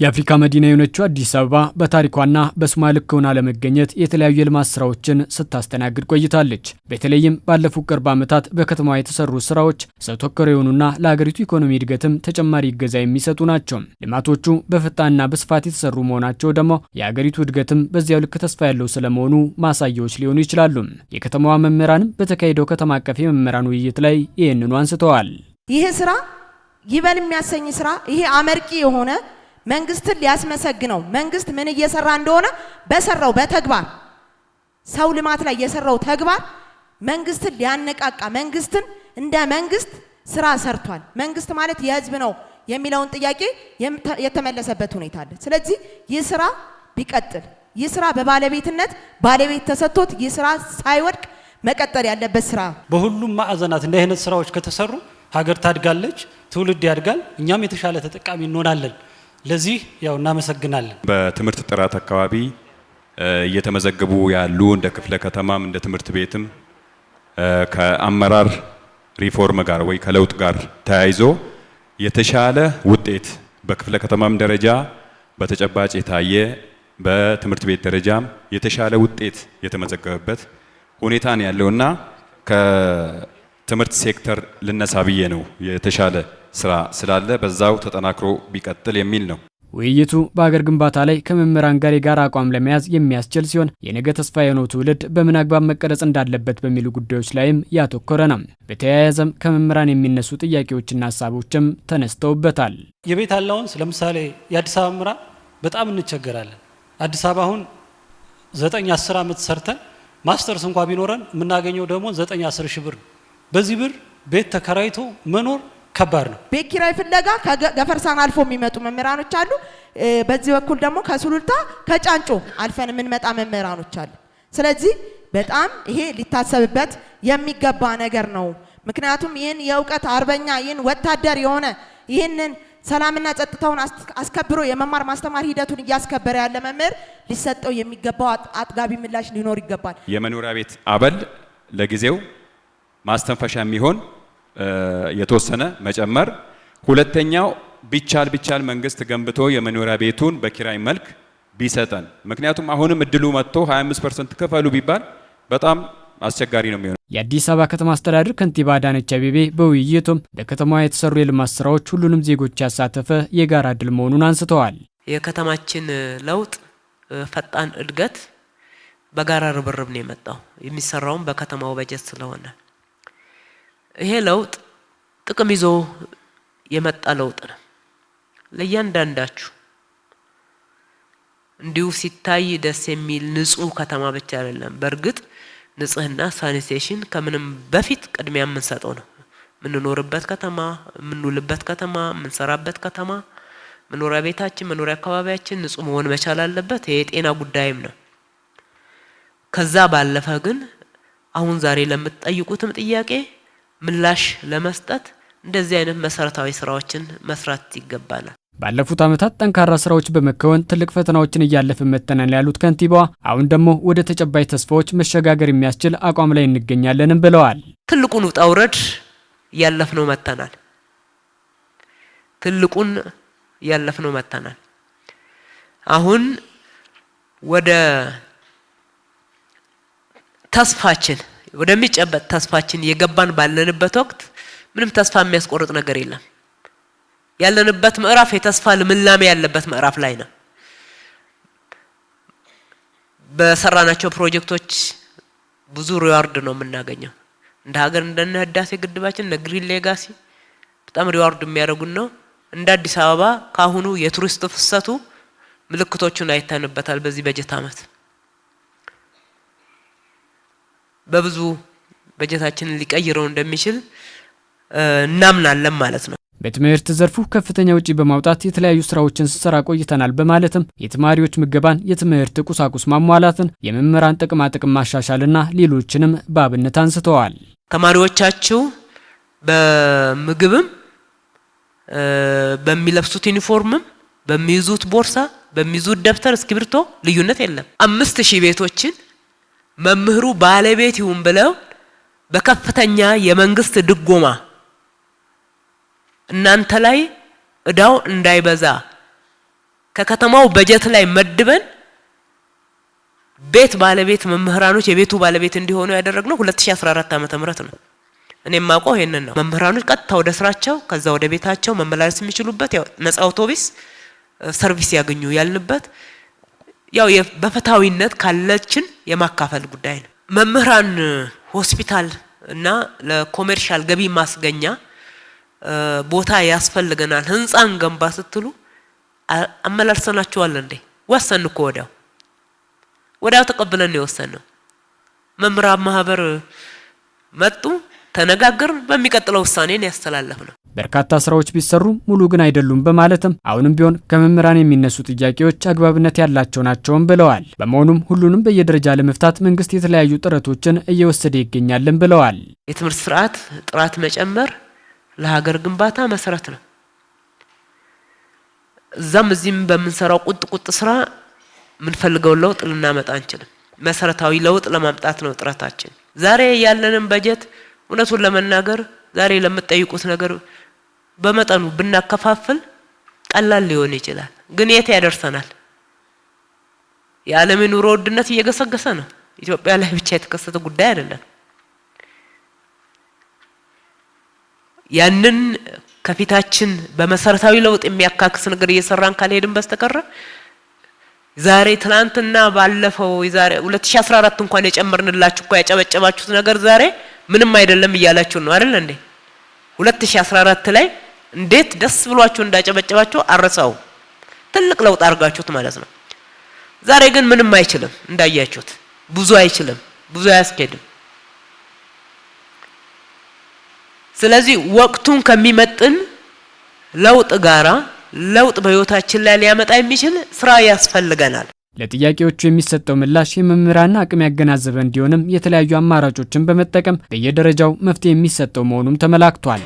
የአፍሪካ መዲና የሆነችው አዲስ አበባ በታሪኳና በስሟ ልክ ሆና ለመገኘት የተለያዩ የልማት ስራዎችን ስታስተናግድ ቆይታለች። በተለይም ባለፉት ቅርብ ዓመታት በከተማዋ የተሰሩ ስራዎች ሰው ተኮር የሆኑና ለሀገሪቱ ኢኮኖሚ እድገትም ተጨማሪ እገዛ የሚሰጡ ናቸው። ልማቶቹ በፈጣንና በስፋት የተሰሩ መሆናቸው ደግሞ የሀገሪቱ እድገትም በዚያው ልክ ተስፋ ያለው ስለመሆኑ ማሳያዎች ሊሆኑ ይችላሉ። የከተማዋ መምህራንም በተካሄደው ከተማ አቀፍ የመምህራን ውይይት ላይ ይህንኑ አንስተዋል። ይህ ስራ ይበል የሚያሰኝ ስራ ይሄ አመርቂ የሆነ መንግስትን ሊያስመሰግነው መንግስት ምን እየሰራ እንደሆነ በሰራው በተግባር ሰው ልማት ላይ የሰራው ተግባር መንግስትን ሊያነቃቃ መንግስትን እንደ መንግስት ስራ ሰርቷል። መንግስት ማለት የህዝብ ነው የሚለውን ጥያቄ የተመለሰበት ሁኔታ አለ። ስለዚህ ይህ ስራ ቢቀጥል ይህ ስራ በባለቤትነት ባለቤት ተሰጥቶት ይህ ስራ ሳይወድቅ መቀጠል ያለበት ስራ በሁሉም ማዕዘናት እንደ አይነት ስራዎች ከተሰሩ ሀገር ታድጋለች፣ ትውልድ ያድጋል፣ እኛም የተሻለ ተጠቃሚ እንሆናለን። ለዚህ ያው እናመሰግናለን። በትምህርት ጥራት አካባቢ እየተመዘገቡ ያሉ እንደ ክፍለ ከተማም እንደ ትምህርት ቤትም ከአመራር ሪፎርም ጋር ወይ ከለውጥ ጋር ተያይዞ የተሻለ ውጤት በክፍለ ከተማም ደረጃ በተጨባጭ የታየ በትምህርት ቤት ደረጃም የተሻለ ውጤት የተመዘገበበት ሁኔታ ነው ያለውና ከትምህርት ሴክተር ልነሳ ብዬ ነው የተሻለ ስራ ስላለ በዛው ተጠናክሮ ቢቀጥል የሚል ነው። ውይይቱ በሀገር ግንባታ ላይ ከመምህራን ጋር የጋራ አቋም ለመያዝ የሚያስችል ሲሆን የነገ ተስፋ የሆነው ትውልድ በምን አግባብ መቀረጽ እንዳለበት በሚሉ ጉዳዮች ላይም ያተኮረ ነው። በተያያዘም ከመምህራን የሚነሱ ጥያቄዎችና ሀሳቦችም ተነስተውበታል። የቤት አላውንስ ለምሳሌ የአዲስ አበባ መምህራን በጣም እንቸገራለን። አዲስ አበባ አሁን ዘጠኝ አስር ዓመት ሰርተን ማስተርስ እንኳ ቢኖረን የምናገኘው ደግሞ ዘጠኝ አስር ሺህ ብር ነው። በዚህ ብር ቤት ተከራይቶ መኖር ከባድ ነው። ቤት ኪራይ ፍለጋ ከገፈርሳን አልፎ የሚመጡ መምህራኖች አሉ። በዚህ በኩል ደግሞ ከሱሉልታ ከጫንጮ አልፈን የምንመጣ መምህራኖች አሉ። ስለዚህ በጣም ይሄ ሊታሰብበት የሚገባ ነገር ነው። ምክንያቱም ይህን የእውቀት አርበኛ ይህን ወታደር የሆነ ይህንን ሰላምና ጸጥታውን አስከብሮ የመማር ማስተማር ሂደቱን እያስከበረ ያለ መምህር ሊሰጠው የሚገባው አጥጋቢ ምላሽ ሊኖር ይገባል። የመኖሪያ ቤት አበል ለጊዜው ማስተንፈሻ የሚሆን የተወሰነ መጨመር፣ ሁለተኛው ቢቻል ቢቻል መንግስት ገንብቶ የመኖሪያ ቤቱን በኪራይ መልክ ቢሰጠን። ምክንያቱም አሁንም እድሉ መጥቶ 25 ፐርሰንት ክፈሉ ቢባል በጣም አስቸጋሪ ነው የሚሆነው። የአዲስ አበባ ከተማ አስተዳደር ከንቲባ አዳነች አቤቤ በውይይቱም በከተማዋ የተሰሩ የልማት ስራዎች ሁሉንም ዜጎች ያሳተፈ የጋራ ድል መሆኑን አንስተዋል። የከተማችን ለውጥ፣ ፈጣን እድገት በጋራ ርብርብ ነው የመጣው። የሚሰራውም በከተማው በጀት ስለሆነ ይሄ ለውጥ ጥቅም ይዞ የመጣ ለውጥ ነው። ለእያንዳንዳችሁ እንዲሁ ሲታይ ደስ የሚል ንጹህ ከተማ ብቻ አይደለም። በእርግጥ ንጽህና፣ ሳኒቴሽን ከምንም በፊት ቅድሚያ የምንሰጠው ነው። የምንኖርበት ከተማ፣ የምንውልበት ከተማ፣ የምንሰራበት ከተማ፣ መኖሪያ ቤታችን፣ መኖሪያ አካባቢያችን ንጹህ መሆን መቻል አለበት። ይሄ የጤና ጉዳይም ነው። ከዛ ባለፈ ግን አሁን ዛሬ ለምትጠይቁትም ጥያቄ ምላሽ ለመስጠት እንደዚህ አይነት መሰረታዊ ስራዎችን መስራት ይገባናል። ባለፉት ዓመታት ጠንካራ ስራዎች በመከወን ትልቅ ፈተናዎችን እያለፍን መጥተናል ያሉት ከንቲባዋ፣ አሁን ደግሞ ወደ ተጨባጭ ተስፋዎች መሸጋገር የሚያስችል አቋም ላይ እንገኛለንም ብለዋል። ትልቁን ውጣ ውረድ እያለፍነው መጥተናል። ትልቁን እያለፍነው መጥተናል። አሁን ወደ ተስፋችን ወደሚጨበጥ ተስፋችን የገባን ባለንበት ወቅት ምንም ተስፋ የሚያስቆርጥ ነገር የለም። ያለንበት ምዕራፍ የተስፋ ልምላሜ ያለበት ምዕራፍ ላይ ነው። በሰራናቸው ፕሮጀክቶች ብዙ ሪዋርድ ነው የምናገኘው። እንደ ሀገር እንደነ ህዳሴ ግድባችን እነ ግሪን ሌጋሲ በጣም ሪዋርድ የሚያደርጉን ነው። እንደ አዲስ አበባ ካሁኑ የቱሪስት ፍሰቱ ምልክቶቹን አይተንበታል በዚህ በጀት ዓመት። በብዙ በጀታችንን ሊቀይረው እንደሚችል እናምናለን ማለት ነው። በትምህርት ዘርፉ ከፍተኛ ውጪ በማውጣት የተለያዩ ስራዎችን ስሰራ ቆይተናል በማለትም የተማሪዎች ምገባን፣ የትምህርት ቁሳቁስ ማሟላትን፣ የመምህራን ጥቅማ ጥቅም ማሻሻልና ሌሎችንም በአብነት አንስተዋል። ተማሪዎቻችሁ በምግብም በሚለብሱት ዩኒፎርምም በሚይዙት ቦርሳ በሚይዙት ደብተር፣ እስክሪብቶ ልዩነት የለም። አምስት ሺህ ቤቶችን መምህሩ ባለቤት ይሁን ብለው በከፍተኛ የመንግስት ድጎማ እናንተ ላይ እዳው እንዳይበዛ ከከተማው በጀት ላይ መድበን ቤት ባለቤት መምህራኖች የቤቱ ባለቤት እንዲሆኑ ያደረግነው 2014 ዓመተ ምህረት ነው። እኔ የማውቀው ይሄንን ነው። መምህራኖች ቀጥታ ወደ ስራቸው ከዛ ወደ ቤታቸው መመላለስ የሚችሉበት ነፃ አውቶቢስ ሰርቪስ ያገኙ ያልንበት ያው በፍትሐዊነት ካለችን የማካፈል ጉዳይ ነው። መምህራን ሆስፒታል እና ለኮሜርሻል ገቢ ማስገኛ ቦታ ያስፈልገናል፣ ህንፃን ገንባ ስትሉ አመላልሰናችኋል እንዴ? ወሰን እኮ ወዲያው ወዲያው ተቀብለን የወሰን ነው። መምህራን ማህበር መጡ፣ ተነጋገርን፣ በሚቀጥለው ውሳኔን ያስተላለፍ ነው። በርካታ ስራዎች ቢሰሩ ሙሉ ግን አይደሉም በማለትም አሁንም ቢሆን ከመምህራን የሚነሱ ጥያቄዎች አግባብነት ያላቸው ናቸውም ብለዋል። በመሆኑም ሁሉንም በየደረጃ ለመፍታት መንግስት የተለያዩ ጥረቶችን እየወሰደ ይገኛልን ብለዋል። የትምህርት ስርዓት ጥራት መጨመር ለሀገር ግንባታ መሰረት ነው። እዛም እዚህም በምንሰራው ቁጥ ቁጥ ስራ የምንፈልገውን ለውጥ ልናመጣ አንችልም። መሰረታዊ ለውጥ ለማምጣት ነው ጥረታችን። ዛሬ ያለንን በጀት እውነቱን ለመናገር ዛሬ ለምትጠይቁት ነገር በመጠኑ ብናከፋፍል ቀላል ሊሆን ይችላል፣ ግን የት ያደርሰናል? የዓለም ኑሮ ውድነት እየገሰገሰ ነው። ኢትዮጵያ ላይ ብቻ የተከሰተ ጉዳይ አይደለም። ያንን ከፊታችን በመሰረታዊ ለውጥ የሚያካክስ ነገር እየሰራን ካልሄድን በስተቀረ ዛሬ ትናንትና ባለፈው ዛሬ 2014 እንኳን የጨመርንላችሁ እኮ ያጨበጨባችሁት ነገር ዛሬ ምንም አይደለም እያላችሁ ነው አይደል እንዴ? 2014 ላይ እንዴት ደስ ብሏችሁ እንዳጨበጨባችሁ አረሳው። ትልቅ ለውጥ አድርጋችሁት ማለት ነው። ዛሬ ግን ምንም አይችልም፣ እንዳያችሁት ብዙ አይችልም፣ ብዙ አያስኬድም። ስለዚህ ወቅቱን ከሚመጥን ለውጥ ጋራ ለውጥ በህይወታችን ላይ ሊያመጣ የሚችል ስራ ያስፈልገናል። ለጥያቄዎቹ የሚሰጠው ምላሽ የመምህራን አቅም ያገናዘበ እንዲሆንም የተለያዩ አማራጮችን በመጠቀም በየደረጃው መፍትሄ የሚሰጠው መሆኑም ተመላክቷል።